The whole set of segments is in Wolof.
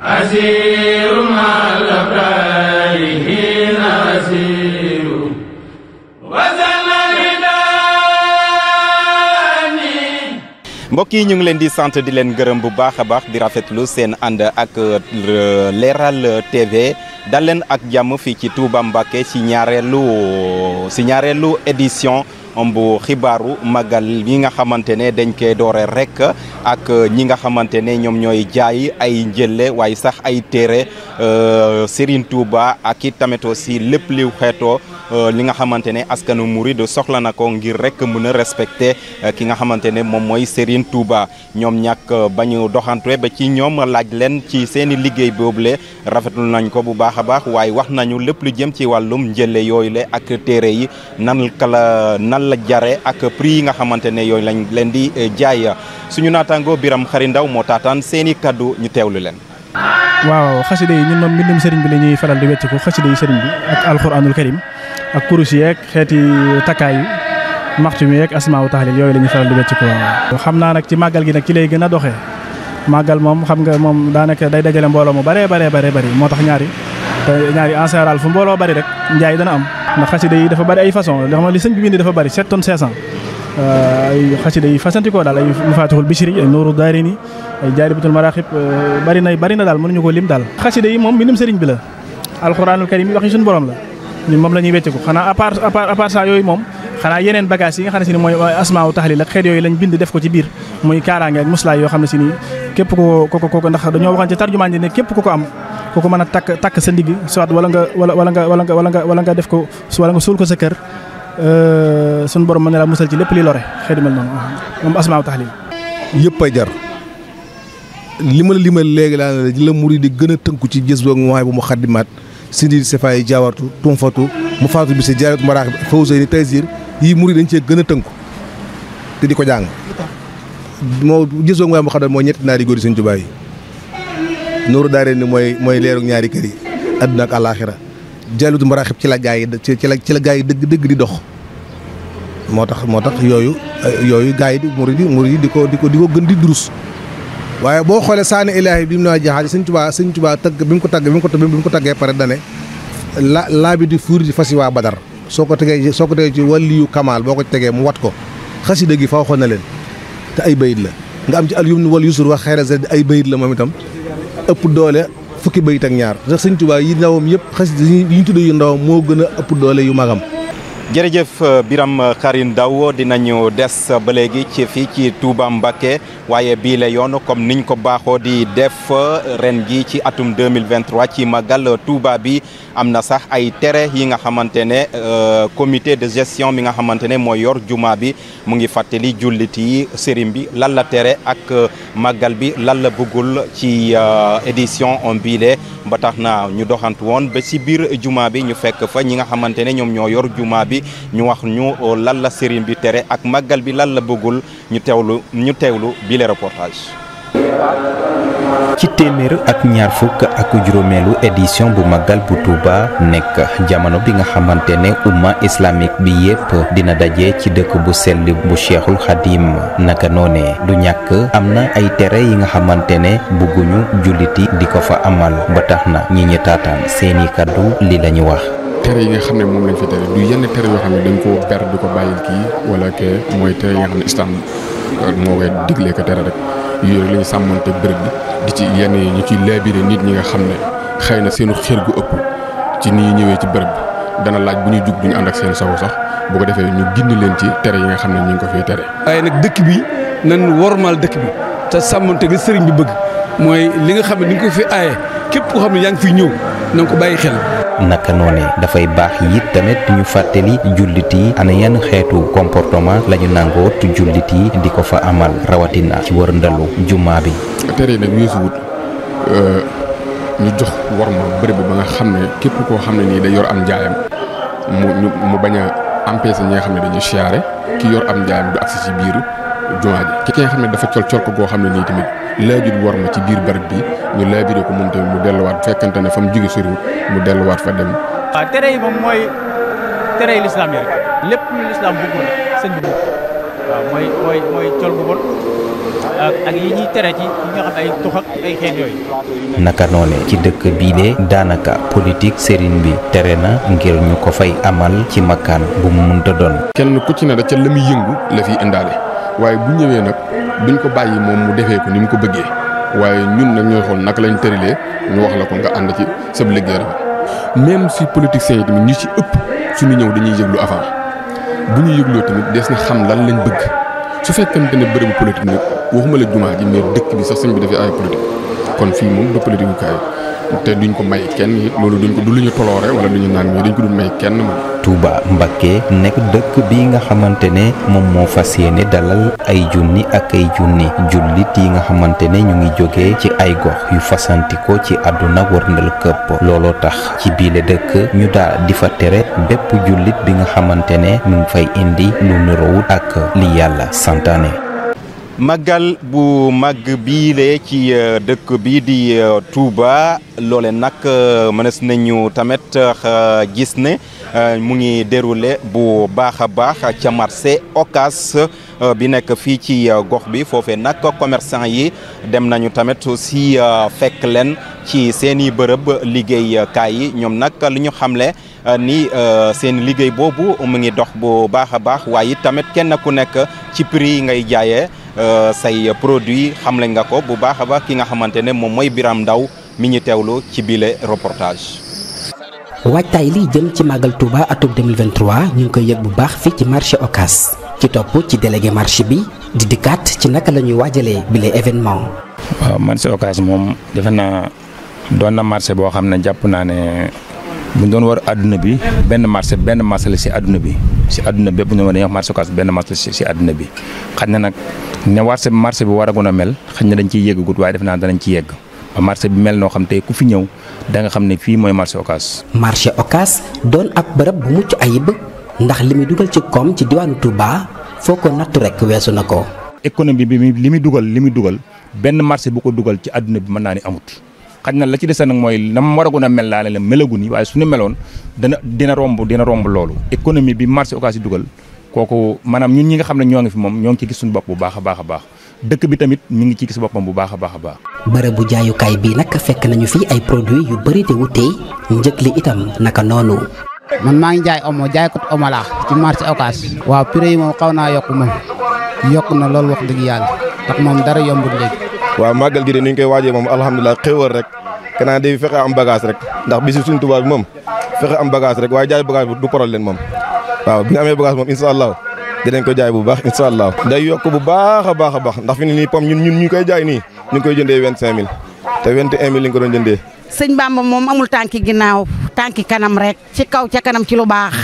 asiru mal abraari hiin asiru mbokk yi ñu ngi leen di sant di leen gërëm bu baax a baax di rafetlu seen ànd ak Leral TV dal ak jàmm fii ci Touba Mbacké ci ñaareelu ci ñaareelu édition ëmb xibaaru màggal yi nga xamante ne dañ koy doore rek ak ñi nga xamante ne ñoom ñooy jaay ay njëlle waaye sax ay téere euh, Serigne Touba ak i tamit si lépp liw xeetoo euh, li nga xamante ne askanu murid soxla na ko ngir rek mën a respecter euh, ki nga xamante ne moom mooy Serigne Touba ñoom ñàkk ba ñu doxantwe ba ci ñoom laaj leen ci seen i liggéey boobule rafetul nañ ko bu baax a baax waaye wax nañu lépp lu jëm ci wàllum njëlle yooyu ak téere yi nan kala nan la jare ak prix yi nga xamante ne yooyu lañ leen di eh, jaay suñu naataango Biram Xari Ndaw moo taataan seeni kaddu ñu teewlu leen waaw xasida yi ñun moom mbindum sëriñ bi la ñuy faral di wecc ko xasida yi sëriñ bi ak alxuraanul karim ak kurus yeeg xeeti takkaay yi maxtum yeeg asmaawu taxlil yooyu la ñuy faral di wecc ko xam naa nag ci màggal gi nag ci lay gën a doxee màggal moom xam nga moom daanaka day dajale mbooloo mu bare bare bare bëri moo tax ñaari te ndax xasida yi dafa bari ay façon li xam li sëñ bi bind dafa bari 7 tonnes 500 euh, ay xasida yi fasantikoo daal ay mafatihul bichri ay nooru daarini ay jaaribatul maraaxib euh, bari na daal mënuñu ko lim daal xasida yi moom mbindum sëriñ bi la alxuraanul karim yi wax yi borom la moom la ñuy ko xanaa à part à yooyu moom xanaa yeneen bagage yi nga xam ne si ni mooy asmaaw taxlil ak xeet yooyu lañ bind def ko ci biir muy kaaraange ak ku ko mën a takk takk sa ndigg soit wala nga wala wala nga wala nga wala nga wala nga def ko wala nga suul ko sa kër euh, suñu borom mën na laa musal ci lépp li lore xëy na mel noonu moom yëpp ay jar li ma limal léegi la la murid di gën a tënku ci gis boog bu mu xaddimaat sindi sefa yi jaawartu mu faatu bi si jaaratu maraax fawsé ni taysir yii murid dañ cee gën a tënku te di ko jàng moo gis boog mooy mu xaddaat mooy ñetti naari góor yi sëñ Tuubaa yi nuuru daare ni mooy mooy leeru ñaari kër yi adduna ak àllaaxira jalutu maraxib ci la gaa yi ci la ci la gaa yi dëgg dëgg di dox moo tax moo tax yooyu yooyu gaa yi di murid yi murid yi di ko di ko di ko gën di durus waaye boo xoolee saani ilaahi bi mu naa jaxaat sëñ tubaa sëñ tubaa tagg bi mu ko tagg bi mu ko mu ko taggee pare dane la laa bi di fuur di fasi waa badar soo ko tegee soo ko tegee ci wàlliyu kamaal boo ko tegee mu wat ko xasida gi fa waxoon na leen te ay bayit la nga am ci al yum ni wal yusur wax xayra ay bayit la moom itam ëpp doole fukki bayit ak ñaar ndax sëñ Tuubaa yi ndawam yëpp xasida di ñu tudd yu ndawam moo gën a ëpp doole yu magam jërëjëf euh, Biram Xarin euh, Daw dinañu des ba léegi ci fii ci Touba Mbacké waaye bii la yoon comme niñ ko baaxoo di def euh, ren gi ci atum 2023 ci màggal tuubaab bi am na sax ay tere yi nga xamante ne euh, comité de gestion bi nga xamante ne mooy yor jumaa bi mu ngi fàttali jullit yi sëriñ bi lan la tere ak euh, màggal bi lan la bëggul ci euh, édition on bile ba tax na ñu doxantu woon ba si biir juma bi ñu fekk fa ñi nga xamante ne ñoom ñoo yor juma bi ñu wax ñu lan la sëriñ bi tere ak màggal bi lan la bëggul ñu teewlu ñu teewlu bile reportage ci téeméer ak ñaar fukk ak juróomeelu édition bu màggal bu Touba nekk jamono bi nga xamante ne umma islamique bi yépp dina daje ci dëkk bu sell bu Cheikhul Khadim naka noonee du ñàkk am na ay tere yi nga xamante ne bëgguñu julliti di ko fa amal ba tax na ñi ñi taataan seeni kaddu li lañu wax tere yi nga xam ne moom lañ fi tere du yenn tere yoo xam ne dañ koo ber di ko bàyyil kii wala ke mooy tere yi nga xam ne islam moo koy diglee ko tere rek yooyu yore la ñuy sàmmante bërëb bi di ci yenn yi ñu ciy laabiré nit ñi nga xam ne xëy na seenu xër gu ëpp ci nii ñëwee ci bërëb bi dana laaj bu ñu jug duñu ànd ak seen sago sax bu ko defee ñu gindi leen ci tere yi nga xam ne ñu ngi ko fiy tere. waaye nag dëkk bi nan wormaal dëkk bi te sàmmoonte li sëriñ bi bëgg mooy li nga xam ne ni ko fi aaye képp koo xam ne yaa ngi fiy ñëw na ko bàyyi xel naka noonee dafay baax it tamit ñu fàttali jullit yi ana yenn xeetu comportement la ñu nangoot jullit yi di ko fa amal rawatina ci wërndalu jumaa bi. tere nag weesuwut euh, ñu jox war ma bërëb ba nga xam ne képp koo xam ne nii day yor am njaayam mu mu bañ a empêcher ñi nga xam ne dañuy siyaare ki yor am njaayam du agsi ci biir. jumaa ji ki ki nga xam ne dafa col col ko goo xam ne nii tamit laajut war na ci biir barab bi ñu laajutee ko moom mu delluwaat fekkante ne fa mu jóge soriwul mu delluwaat fa dem. waaw ah, tere yi moom mooy tere yi lislaam yi rek lépp lu lislaam bëggul sëñ bi waaw mooy mooy mooy col gu bon ak yi ñuy tere ci yi nga xam ay tux ak ay xeet yooyu. naka noone ci dëkk bii de daanaka politique sëriñ bi tere na ngir ñu ko fay amal ci makkaan bu mu mënta doon. kenn ku ci ne da ca yëngu la fiy waaye bu ñëwee nag buñ ko bàyyi moom mu defee ko ni mu ko bëggee waaye ñun nag ñooy xool naka lañ tëralee ñu wax la ko nga ànd ci sab liggéey rafet même si politiciens yi tamit ñu ci ëpp suñu ñëw dañuy yëglu avant bu ñu yëgloo tamit des na xam lan lañ bëgg su fekkente ne bërëbu politique nag waxuma la jumaa ji mais dëkk bi sax sëñ bi dafay ay politique kon fii moom du politique kaay te duñ ko may kenn loolu duñ ko du lu ñu toloore wala du ñu naan mais may kenn moom Touba Mbacké nekk dëkk bi nga xamante ne moom moo fa yéene dalal ay junni ak ay junni jullit yi nga xamante ne ñu ngi jóge ci ay gox yu fasanti ko ci àdduna wërndal këpp looloo tax ci biile dëkk ñu daal di fa tere bépp jullit bi nga xamante ne mu ngi fay indi lu niroowut ak li yàlla santaane màggal bu màgg bii lee ci euh, dëkk bi di euh, Touba loole nag euh, mënees nañu tamit gis ne mu ngi déroulé bu baax a baax ca marché Ocass bi nekk fii ci gox bi foofe nag commerçant yi dem nañu tamit aussi fekk len ci seen i bërëb liggéeykaay yi ñoom nag lu ñu xam le ni seen liggéey boobu mu ngi dox bu baax a baax waaye tamit kenn ku nekk ci prix ngay jaaye Euh, say produit xamle nga ko bu baax a baax ki nga xamante ne moom mooy Biram Ndaw mi ñu teewlu ci bile reportage. waajtaay liy jëm ci màggal Touba atum 2023 ñu ngi koy yëg bu baax fii ci marché Ocass ci topp ci délégué marché bi di dikkaat ci naka lañuy ñuy waajalee bile événement. waaw marché moom defe na doon na marché boo xam ne jàpp naa ne bu ñu doon war àdduna bi benn marché benn marché la si àdduna bi si àdduna bépp ñu dañuy wax marché Ocass benn marché la si àdduna bi xaj na nag ne marché marché bi war a gën a mel xaj na dañ ciy yëggagut waaye def naa danañ ci yegg ba marché bi mel noo xam tey ku fi ñëw da nga xam ne fii mooy marché Ocass. marché Ocass doon ab bërëb bu mucc ayib ndax li muy dugal ci koom ci diwaanu Touba foo ko natt rek weesu na ko. économie bi li muy dugal li muy dugal benn marché bu ko dugal ci àdduna bi mën naa ni amut. xaj na la ci dese nag mooy nam waragun a mel laa ne la melagun yi waaye suñu meloon dana dina romb dina romb loolu économie bi marché occasion dugal kooku maanaam ñun ñi nga xam ne ñoo ngi fi moom ñoo ngi ci gis suñu bu baax a baax a baax dëkk bi tamit mi ngi ci gis boppam bu baax a baax a baax. bërëbu jaayukaay bi nag fekk nañu fi ay produit yu bëri te wute njëg li itam naka noonu. man maa ngi jaay omo jaay kot omo laa ci marché occasion. waaw prix yi moom xaw naa yokk na loolu wax dëgg yàlla ndax moom dara waaw màggal gi de ni ñu koy waajee moom alhamdulilah xéwal rek kanaa day fexe am bagage rek ndax bisi suñ tubaab bi moom fexe am bagage rek waaye jaay bagage du problème moom waaw bi amee bagage moom incha allah dinañ ko jaay bu baax incha allah day yokk bu baax a baax a ndax fi ne nii pom ñun ñun ñu koy jaay nii ñu koy jëndee vingt cinq mille te vingt et un mille li nga ko doon jëndee sëñ Bamba moom amul tànki ginnaaw tànki kanam rek ci kaw ca kanam ci lu baax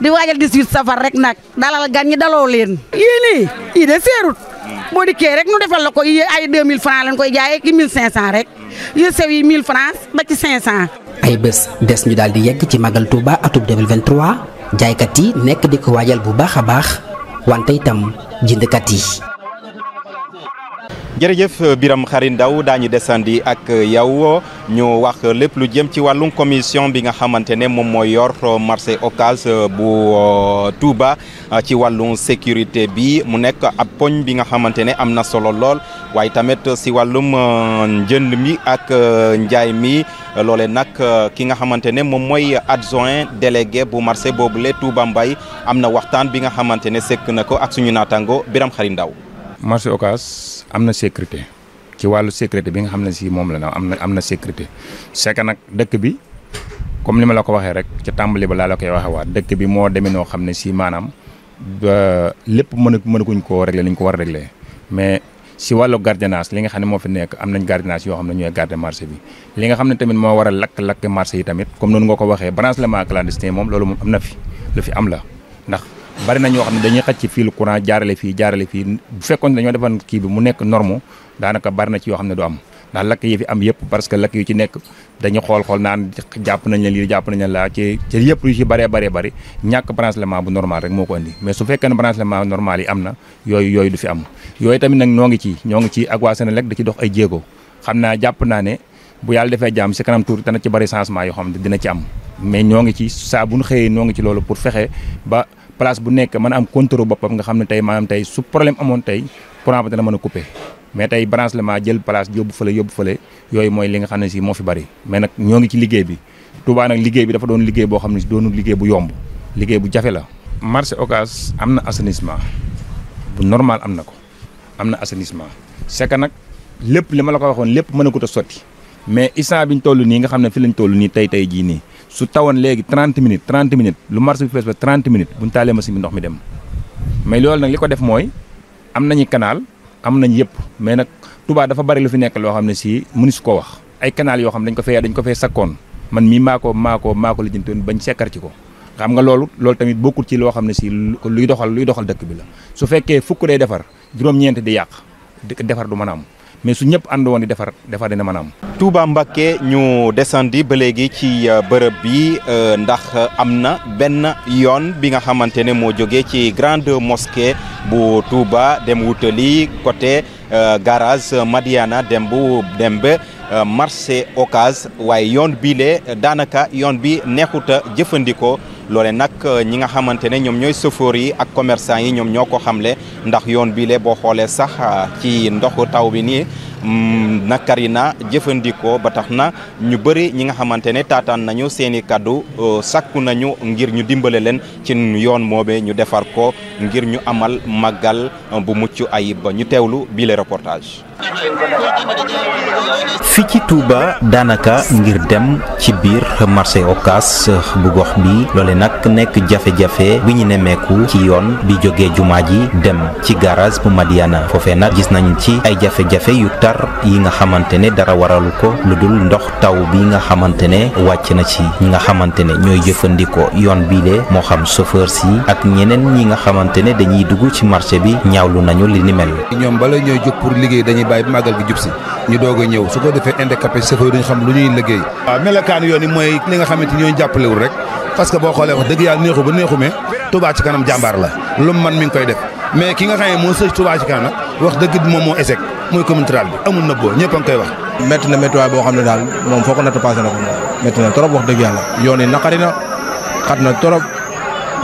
di waajal 18 safar rek nag dalal gan ñi daloo leen yii nii boo dikkee rek nu defal la ko ay 2000 francs lañ koy jaayee ki 1500 rek yu sew yi 1000 francs ba ci 500. ay bés des ñu daal di yegg ci magal Touba atub 2023 jaaykat yi nekk di ko waajal bu baax a baax wante itam jëndkat yi. jërëjëf Biram Xarin Ndaw daañu desandi ak yow ñu wax lépp lu jëm ci wàllum commission bi nga xamante ne moom mooy yor marché Ocass euh, bu euh, Touba euh, ci wàllum sécurité bi mu nekk ab poñ bi nga xamante ne am na solo lool waaye tamit si wàllum njënd mi ak njaay mi loole nag ki nga xamante ne moom mooy adjoint délégué bu marché boobule Touba mbay am na waxtaan bi nga xamante ne sekk na ko ak suñu naataango Biram Xarin Ndaw marché ocas am na sécurité ci wàllu sécurité bi nga xam ne si moom la na am na am na sécurité c'est que nag dëkk bi comme ni ma la ko waxee rek ca tàmbali ba laa la koy waxee waat dëkk bi moo demee noo xam ne si maanaam lépp mën mënaguñ koo régler ni ñu ko war a régler mais si wàllu gardiennage li nga xam ne moo fi nekk am nañ gardiennage yoo xam ne ñooy garder marché bi li nga xam ne tamit moo war a lakk-lakk marché yi tamit comme noonu nga ko waxee branchement clandestin moom loolu moom am na fi lu fi am la ndax bari na ñoo xam ne dañuy xaj ci fiilu courant jaarale fii jaarale fii bu fekkoon dañoo defan kii bi mu nekk norme daanaka bari ci yoo xam ne du am ndax lakk yi fi am yëpp parce que lakk yu ci nekk dañu xool-xool naan jàpp nañ bu yàlla defee jàmm si kanam tuuti dana ci bari changement yoo xam ne dina ci am mais ñoo ngi ci saa xëyee ñoo ngi ci loolu pour fexe place bu nekk mën am contrôle boppam nga xam ne tey maanaam tey su problème amoon tey courant ba dana mën a couper mais tey branchement jël place yóbbu fële yóbbu fële yooyu mooy li nga xam ne si moo fi bari mais nag ñoo ngi ci liggéey bi Touba nag liggéey bi dafa doon liggéey boo xam ne si doonul liggéey bu yomb liggéey bu jafe la. marché Ocass am na assainissement bu normal am na ko am na assainissement c'est nag lépp li ma la ko waxoon lépp mën a ko ta sotti mais instant toll nii nga xam ne fi lañ toll nii tey tey jii nii. su tawoon léegi 30 minute 30 minute lu marché bi fees ba 30 minutes bu ñu taalee machine bi ndox mi dem mais loolu nag li ko def mooy am nañu kanaal am nañ yëpp mais nag Touba dafa bari lu fi nekk loo xam ne si munu si ko wax. ay kanaal yoo xam dañ ko fee dañ ko fee sakkoon man mii maako ko maako ko maa bañ sekkar ci ko xam nga loolu loolu tamit bokkul ci loo xam ne si luy doxal luy doxal dëkk bi la su fekkee fukk day defar juróom di yàq defar du mën a am. mais su ñëpp ànd woon di defar defar dina mën a am. ñu descendi ba léegi ci euh, bërëb bi euh, ndax am na benn yoon bi nga xamante ne moo jógee ci grande mosquée bu Touba dem wutali côté euh, garage Madiana dem bu dem ba marché Ocass waaye yoon bii le daanaka yoon bi neexuta jëfandikoo. loole nag euh, ñi nga xamante ne ñoom ñooy chauffeur yi ak commerçant yi ñoom ñoo ko xamle ndax yoon bi le boo xoolee sax euh, ci ndoxu taw bi nii Mm, nakari na jëfandikoo ba tax na ñu bëri ñi nga xamante ne taataan nañu seen i kaddu euh, nañu ngir ñu dimbale leen ci yoon moobee ñu defar ko ngir ñu amal màggal euh, bu mucc ayib ba ñu teewlu bile reportage. fi ci Touba daanaka ngir dem ci biir marché Ocass euh, bu gox bi loole nag nekk jafe-jafe bi ñu nemmeeku ci yoon bi jóge jumaa ji dem ci garage bu Madiana foofee nag gis nañ ci ay jafe-jafe yu bakkaar yi nga xamante ne dara waralu ko lu dul ndox taw bi nga xamante ne wàcc na ci ñi nga xamante ne ñooy jëfandikoo yoon biile moo xam chauffeur si ak ñeneen ñi nga xamante ne dañuy dugg ci marché bi ñaawlu nañu li ni mel. ñoom bala ñooy jóg pour liggéey dañuy bàyyi bi màggal gi jub si ñu doog a ñëw su ko defee handicapé chauffeur dañu xam lu ñuy liggéey. waaw melokaan yoon yi mooy li nga xamante ñooy jàppalewul rek parce que boo xoolee wax dëgg yàlla neexu ba neexumee Touba ci kanam jàmbaar la lu man mi mooy commune rurale bi amul nëbboo ñëpp a ngi koy wax. na méttiwaay boo xam ne daal moom foo ko natt na ko moom na trop wax dëgg yàlla yoon yi naqari na xat na trop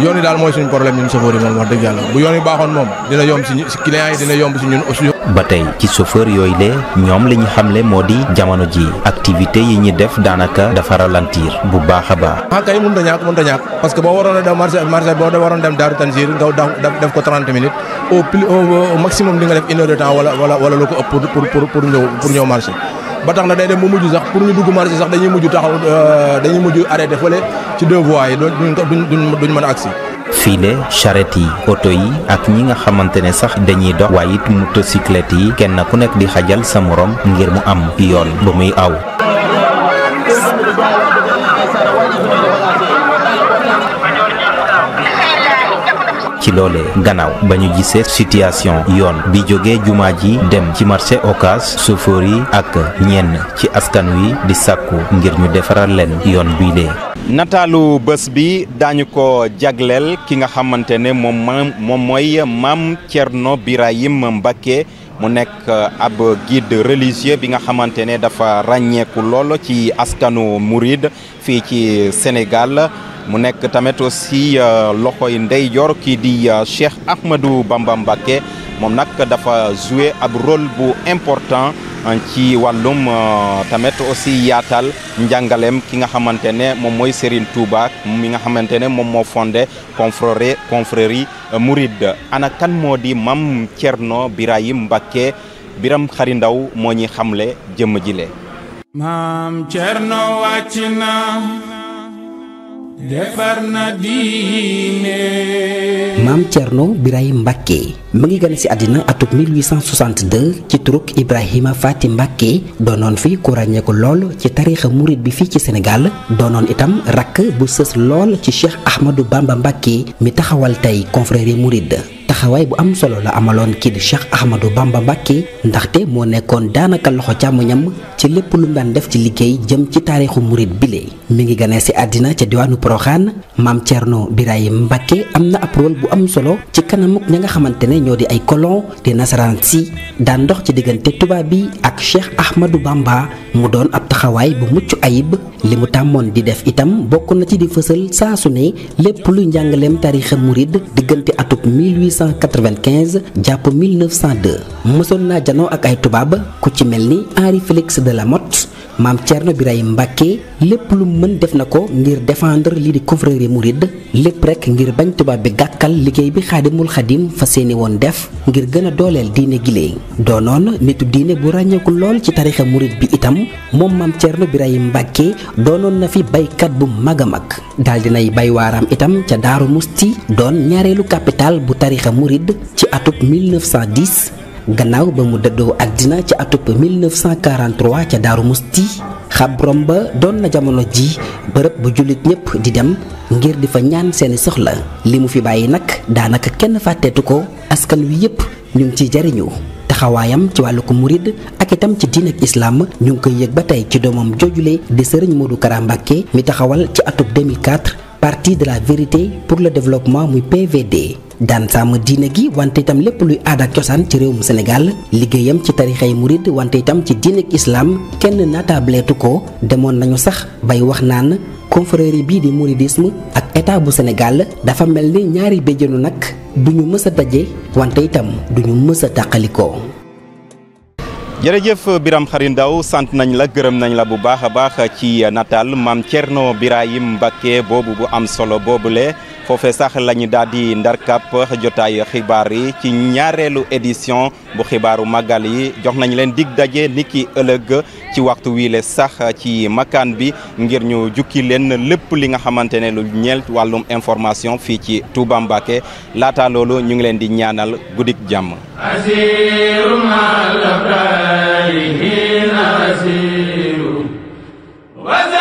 yoon yi daal mooy suñu problème ñun chauffeur yi moom wax dëgg yàlla bu yoon yi baaxoon moom dina yomb si si yi dina yomb si ñun aussi. ba tey ci chauffeur yooyu lee ñoom li xamle moo di jamono ji activité yi ñuy def daanaka dafa ralentir bu baax a baax. ah a a ñàkk parce que boo waroon a dem marché marché boo waroon dem Daaru Tanzir nga def ko 30 minutes au plus def une heure de temps wala wala wala lu ko ëpp pour pour pour ñëw pour ñëw marché. ba tax na day dem ba mujj sax pour ñu dugg marché sax dañuy mujj taxaw euh, dañuy mujj arrêté fële ci deux voies yi duñ duñ mën a agsi fii de charrette yi oto yi ak ñi nga xamante ne sax dañuy dox waaye it motocyclette yi kenn ku nekk di xajal sa moroom ngir mu am yoon ba muy aw loolee gannaaw ba ñu gisee situation yoon bi jóge jumaa ji dem ci marché Ocass chauffeur yi ak ñenn ci askan wi di sàkku ngir ñu defaral leen yoon bii lee nataalu bés bi daañu ko jagleel ki nga xamante ne moom moom mooy maam Thierno Birahim Mbacké mu nekk euh, ab guide religieux bi nga xamante ne dafa ràññeeku lool ci askanu Mouride fii ci Sénégal mu nekk tamit aussi euh, loxoy ndeyjoor kii di euh, Cheikh Ahmadou Bamba Mbacké moom nag dafa joué ab rôle bu important euh, ci wàllum tamit aussi yaatal njàngaleem ki nga xamante ne moom mooy Serigne Touba mi nga xamante ne moom moo fondé confrère confrérie Mouride ana moo di Mame Thierno Birahim Mbacké Biram Xari Ndaw moo ñuy xamle jëmm jile Maam Cerno wàcc na defar na diine. maam Thierno Birahim Mbacke mu ngi gane ci àddina atum 1862 ci turuk Ibrahima Fati Mbacke doonoon fi ku ràññeeku lool ci tariixa murit bi fii ci Sénégal doonoon itam rakk bu sës lool ci Cheikh Ahmadou Bamba Mbacke mi taxawal tey confrérie murit. taxawaay bu am solo la amaloon kii di Cheikh Ahmadou Bamba Mbacke ndaxte moo nekkoon daanaka loxo càmmoñam ci lépp lu mu daan def ci liggéey jëm ci taarixu murit bile mu ngi ganee si àddina ca diwaanu Poroxaan maam Thierno Birahim Mbacke am na ab rôle bu am solo ci kanam ña nga xamante ne ñoo di ay kolon di nasaraan si daan ndox ci diggante tubaab bi ak Cheikh Ahmadou Bamba mu doon ab taxawaay bu mucc ayib li mu tàmmoon di def itam bokk na ci di fësal 1895 jàpp 1902 mësoon naa janoo ak ay tubaab ku ci mel ni Henri Félix de Lamotte maam Thierno Birahim Mbacké lépp lu mën def na ko ngir défendre lii di confrérie mouride lépp rek ngir bañ tubaab bi gàkkal liggéey bi xaadimul xadim fa seeni woon def ngir gën a dooleel diine gilee doonoon nitu diine bu ràññeeku lool ci tarixa mouride bi itam moom maam Thierno Birahim Mbacké doonoon na fi baykat bu mag a mag daal di nay bay waaraam itam ca Daaru Musti doon ñaareelu capital bu tarixa murid ci atub 1910 gannaaw ba mu dëddoo àddina ci atub 1943 ca Daaru Musti xabrom ba doon na jamono ji bërëb bu jullit ñépp di dem ngir di fa ñaan seeni soxla li mu fi bàyyi nag daanaka kenn fàtteetu ko askan wi yépp ñu ngi ciy jariñu taxawaayam ci wàllu ko murid ak itam ci diin ak islam ñu ngi koy yëg ba tey ci doomam joojule di sëriñ Modou Kara Mbacké mi taxawal ci atub 2004 parti de la vérité pour le développement muy PVD daan sàmm diine gi wante itam lépp luy aada ak cosaan ci réewum Sénégal liggéeyam ci tarixay murid wante itam ci diine ak islam kenn naataableetu ko demoon nañu sax bay wax naan confrérie bii di mouridisme ak état bu Sénégal dafa mel ni ñaari béjjënu nag duñu mës a daje wante itam duñu mës a tàqalikoo jërëjëf Birame Khary Ndao sant nañ la gërëm nañ la bu baax a baax ci nataal maam Thierno Birahim Mbacké boobu bu am solo boobule foofe sax lañu daal di ndarkap jotaay xibaar yi ci ñaareelu édition bu xibaaru màggal yi jox nañu leen dig daje niki ëllëg ci waxtu wii le sax ci makaan bi ngir ñu jukki leen lépp li nga xamante ne lu ñeel wàllum information fii ci Touba Mbacké laata loolu ñu ngi leen di ñaanal guddik jàmm asiru